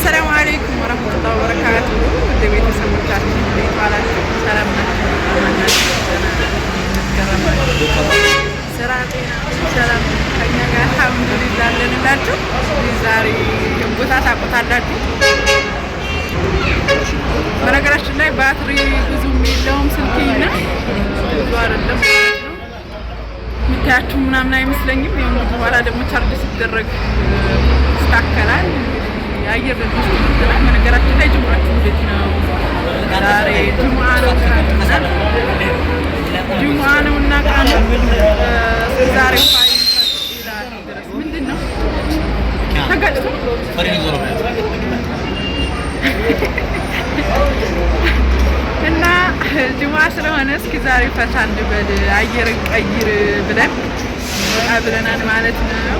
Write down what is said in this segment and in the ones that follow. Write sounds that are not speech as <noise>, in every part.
አሰላሙ አለይኩም ወረህመቱላሂ ወበረካቱ ውድ ቤተሰቦቻችን እንዴት ሰላም ናችሁ? ስራ፣ ጤና፣ ሰላም ከእኛ ቦታ ታውቁታላችሁ። በነገራችን ላይ ባትሪ ብዙም የለውም ስልኬና ብዙ አይደለም የምታያችሁ ምናምን አይመስለኝም። በኋላ ደግሞ ቻርጅ ሲደረግ ይስተካከላል። የአየር ነገራችን ላይ ጅምራችሁ እንዴት ነው? ዛሬ ጅሙዓ ነው። ጅሙዓ ነው እና ቃሉ ዛሬ ምንድን ነው ተገልጾ እና ጅሙዓ ስለሆነ እስኪ ዛሬ ፈታ እንበል አየርን ቀይር ብለን ብለናል ማለት ነው።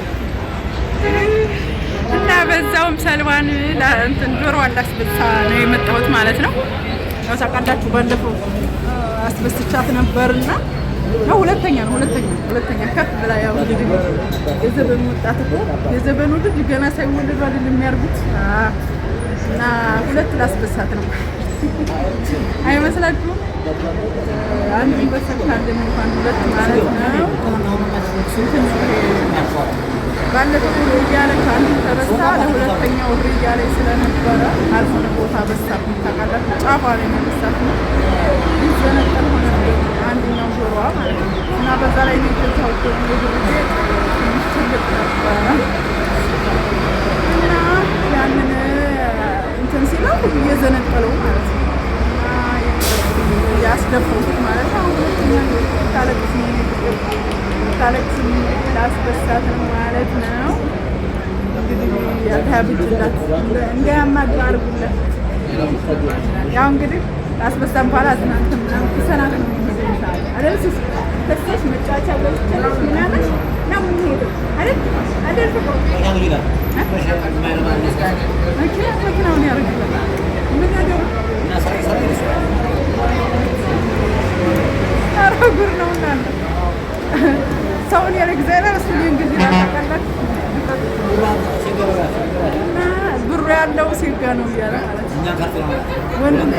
በዛውም ሰልባን እንትን ዶሮ አላስበሳ ነው የመጣሁት ማለት ነው። ያው ታውቃላችሁ ባለፈው አስበስቻት ነበርና ነው ሁለተኛ ነው ሁለተኛ ሁለተኛ ከፍ ብላ ያው እንግዲህ የዘበኑ ወጣት እኮ የዘበኑ ልጅ ገና ሳይወለዱ አይደል የሚያርጉት እና ሁለት ላስበሳት ነው <laughs> አይመስላችሁም? አንዱን በሰብታ እንኳን ሁለት ማለት ነው ባለፈው ሩያ ላይ ከአንዱ ተበሳ ለሁለተኛው ሩያ ላይ ስለነበረ አልሆነ ቦታ በሳብ ታቃላት ጫፏ ላይ መበሳት ነው ይዘነጠል ሆነ አንደኛው ጆሮ ማለት ነው። እና በዛ ላይ ሚገዛውቶ ጊዜ ትልቅ ነበረ እና ያንን እንትን ሲለው እየዘነጠለው ማለት ነው። ያስደፈሩት ማለት ነው ሁለተኛ ታለቅ ካለችን ላስበሳት ማለት ነው። ያጋብችላት እንዳያማግ አድርጉላት። ያው እንግዲህ ላስበሳን በኋላ አዝናንት ሰናት ነው አደርስ ከስሽ መጫወቻ ገብቻለች ምናምን መኪናውን ያደርግበታል ኧረ ጉድ ነው እናንተ ሰውን ያለ እግዚአብሔር እሱ እንግዲህ ብሩ ያለው ሴት ጋ ነው እያለ ማለት ነው። ወንድም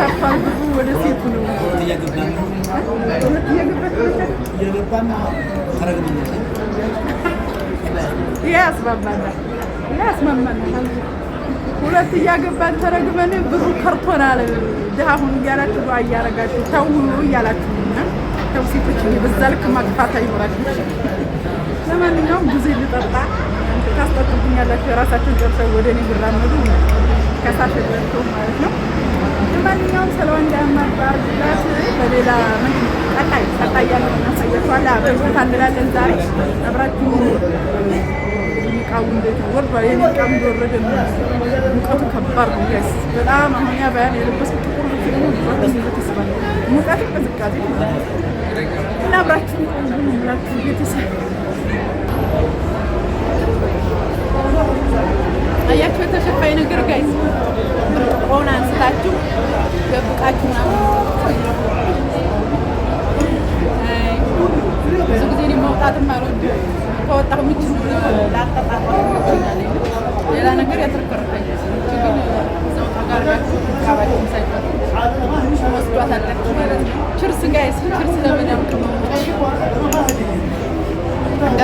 ብሩ ወደ ሴቱ ነው ሁለት እያገባን ተረግመን ብሩ ከርቶናል። ድሃሁን እያላችሁ እያረጋችሁ እያላችሁ ተው ሴቶች በዛ ልክ ማግፋት አይኖራችሁ ለማንኛውም ጊዜ ልጠጣ ታስጠጡብኛላችሁ። የራሳቸውን ጨርሰው ወደ እኔ ብራመዱ ከሳሸላቸው ማለት ነው። ለማንኛውም ሰለዋ እንዳያማባርላት በሌላ ቀጣይ ቀጣይ ያለው እናሳያቸኋል። አብረን አንላለን። ዛሬ አብራችሁ ቃቡ እንዴት ነው ወርዷል? እንደወረደ ሙቀቱ ከባድ ነው ጋይስ፣ በጣም አሁን ያ ባያን የለበስኩት ጥቁር ልብስ ደግሞ ሙቀቱ ቅዝቃዜ እና አብራችሁ ሁላችሁ ቤተሰብ አያችሁ የተሸፋ ነገር ጋይስ ብርጭቆውን አንስታችሁ ደብቃችሁ ምናምን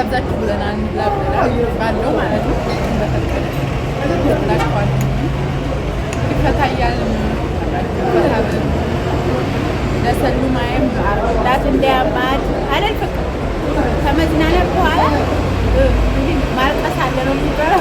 አብዛችሁ ብለናል ባለው ማለት ነው። በፈቀደላቸዋል ይፈታያል ለሰሉማይም አርላት እንዳያማል አለልፍቅ ከመዝናናት በኋላ ማልቀስ አለ ነው የሚባለው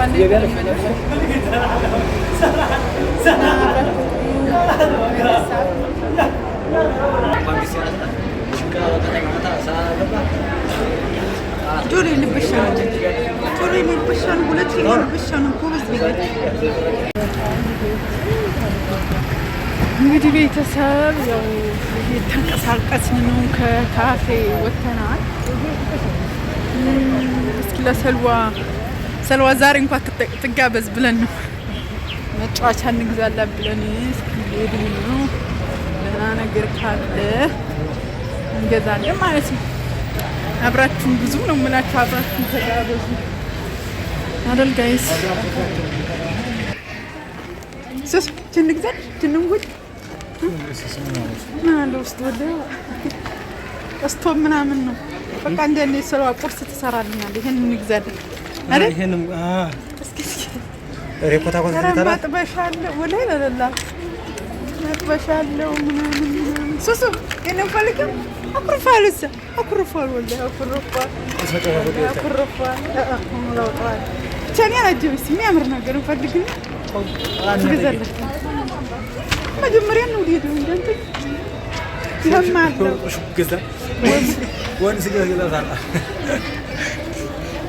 ጆሮ የልብሻ ነው። ጆሮ የልብሻ እንግዲህ ቤተሰብ ያው የተንቀሳቀስን ነው። ከካፌ ወተናል። እስኪ ለሰልዋ ሰልዋ ዛሬ እንኳን ትጋበዝ ብለን ነው መጫወቻ እንግዛላ ብለን ሄድ ነው። ደህና ነገር ካለ እንገዛለን ማለት ነው። አብራችሁን ብዙ ነው የምላችሁ፣ አብራችሁን ተጋበዙ አይደል ጋይስ? ስስ ችንግዛ ችንንጉድ ምናለ ውስጥ ወደ እስቶ ምናምን ነው በቃ እንደኔ ስለዋ ቁርስ ትሰራልኛል። ይህን እንግዛለን የሚያምር ነገር እንፈልግና ትገዛለች። መጀመሪያ ነው ሄዱ እንደንት ይለማለ ወንስ ገዛ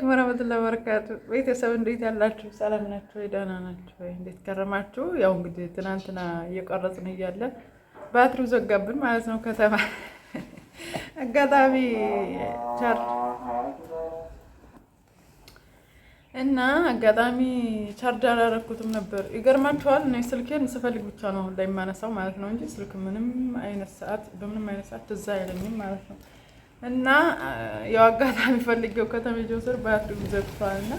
አለይኩም ወረመቱላሂ ወበረካቱ ቤተሰብ እንዴት ያላችሁ? ሰላም ናችሁ ወይ? ደህና ናችሁ ወይ? እንዴት ከረማችሁ? ያው እንግዲህ ትናንትና እየቀረጽን እያለ ባትሪው ዘጋብን ማለት ነው። ከተማ አጋጣሚ ቻር እና አጋጣሚ ቻርጅ አላረኩትም ነበር። ይገርማችኋል እኔ ስልኬን ስፈልግ ብቻ ነው አሁን ላይ የማነሳው ማለት ነው እንጂ ስልክ ምንም አይነት ሰዓት በምንም አይነት ሰዓት ትዝ አይለኝም ማለት ነው። እና ያው አጋጣሚ ፈልጌው ከተመቸው ስር በአንድ ዘግቷልና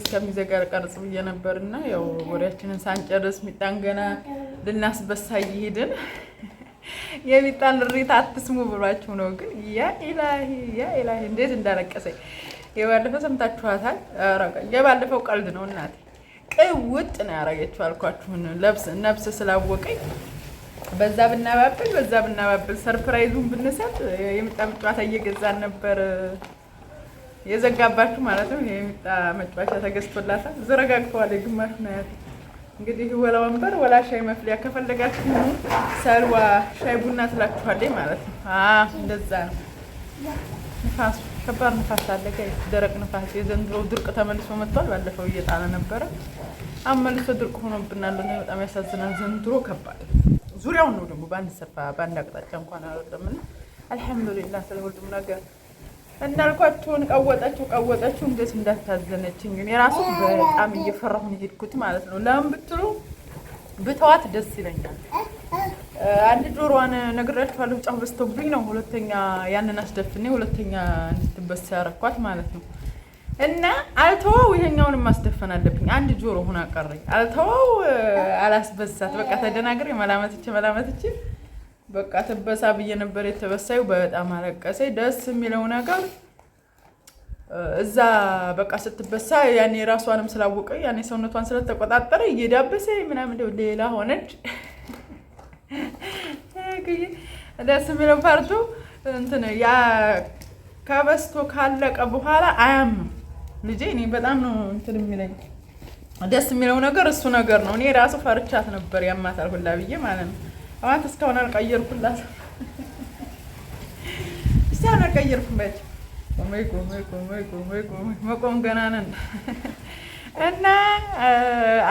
እስከሚዘጋ ቀርጽ ብዬ ነበር። እና ያው ወሬያችንን ሳንጨርስ ሚጣን ገና ልናስበሳ ይሄድን የሚጣን እሪት አትስሙ ብሏችሁ ነው። ግን ያ ኢላሂ ያ ኢላሂ እንዴት እንዳለቀሰኝ የባለፈው ሰምታችኋታል። የባለፈው ቀልድ ነው እናቴ ቅውጥ ነው ያደረገችው አልኳችሁን። ለብስ ነብስ ስላወቀኝ በዛ ብናባብል በዛ ብናባብል ሰርፕራይዙን ብንሰጥ የምጣ መጫወቻ እየገዛን ነበር የዘጋባችሁ ማለት ነው። የምጣ መጫወቻ ተገዝቶላታል። ዘረጋግተዋል የግማሽ ናያት። እንግዲህ ወላ ወንበር ወላ ሻይ መፍሊያ ከፈለጋችሁ ሰልዋ ሻይ ቡና ትላችኋለች ማለት ነው። እንደዛ ነው። ንፋሱ ከባድ ንፋስ አለ። ደረቅ ንፋስ። የዘንድሮ ድርቅ ተመልሶ መጥቷል። ባለፈው እየጣለ ነበረ። አመልሶ ድርቅ ሆኖብናል። በጣም ያሳዝናል። ዘንድሮ ከባድ ዙሪያውን ነው ደግሞ በአንድ ሰፋ በአንድ አቅጣጫ እንኳን አልወጣም። እና አልሐምዱሊላህ ስለ ሁሉም ነገር እንዳልኳቸውን ቀወጠችው ቀወጠችው እንዴት እንዳታዘነችኝ ግን የራሱ በጣም እየፈራሁን ሄድኩት ማለት ነው። ለምን ብትሉ ብተዋት ደስ ይለኛል። አንድ ዶሮዋን ነግራችኋለሁ፣ ጫው በስተውብኝ ነው። ሁለተኛ ያንን አስደፍኔ ሁለተኛ እንድትበስ ያረኳት ማለት ነው። እና አልተወው፣ ይሄኛውን ማስደፈን አለብኝ። አንድ ጆሮ ሆና ቀረኝ። አልተወው፣ አላስበሳት። በቃ ተደናግሬ መላመትች መላመትች በቃ ትበሳ ብዬ ነበር የተበሳዩ። በጣም አለቀሰ። ደስ የሚለው ነገር እዛ በቃ ስትበሳ ያኔ ራሷንም ስላወቀ ያኔ ሰውነቷን ስለተቆጣጠረ እየዳበሰ ምናምን ሌላ ሆነች። ደስ የሚለው ፓርቱ እንትን ያ ከበስቶ ካለቀ በኋላ አያምም። ልጄ እኔ በጣም ነው እንትን የሚለኝ ደስ የሚለው ነገር እሱ ነገር ነው። እኔ ራሱ ፈርቻት ነበር ያማታል ሁላ ብዬ ማለት ነው። አዋት እስካሁን አልቀየርኩላት፣ እስካሁን አልቀየርኩባቸው። ቆይ ቆይ መቆም ገና ነን እና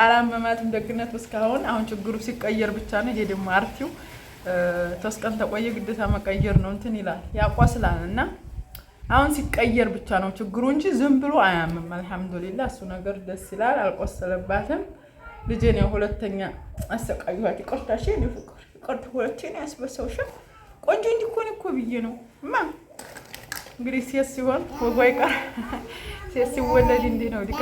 አላመማትም ደግነቱ እስካሁን። አሁን ችግሩ ሲቀየር ብቻ ነው። ይሄ ደግሞ አርቲው ተስቀን ተቆየ ግዴታ መቀየር ነው። እንትን ይላል ያቆስላል እና አሁን ሲቀየር ብቻ ነው ችግሩ እንጂ ዝም ብሎ አያምም። አልሐምዱሊላ እሱ ነገር ደስ ይላል። አልቆሰለባትም። ልጄን ያው ሁለተኛ አሰቃዩት። ይቆርታሽ ፍቅር ፍቅር ሁለቴን ያስበሰውሻል። ቆንጆ እንዲኮን እኮ ብዬ ነው ማ እንግዲህ ሴት ሲሆን ወጓ ይቀር ሴት ሲወለድ እንዲህ ነው ዲካ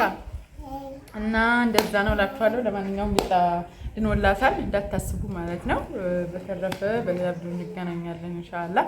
እና እንደዛ ነው እላችኋለሁ። ለማንኛውም ቢጣ ድንወላታል እንዳታስቡ ማለት ነው። በተረፈ በሌላ ቪዲዮ እንገናኛለን ኢንሻአላህ።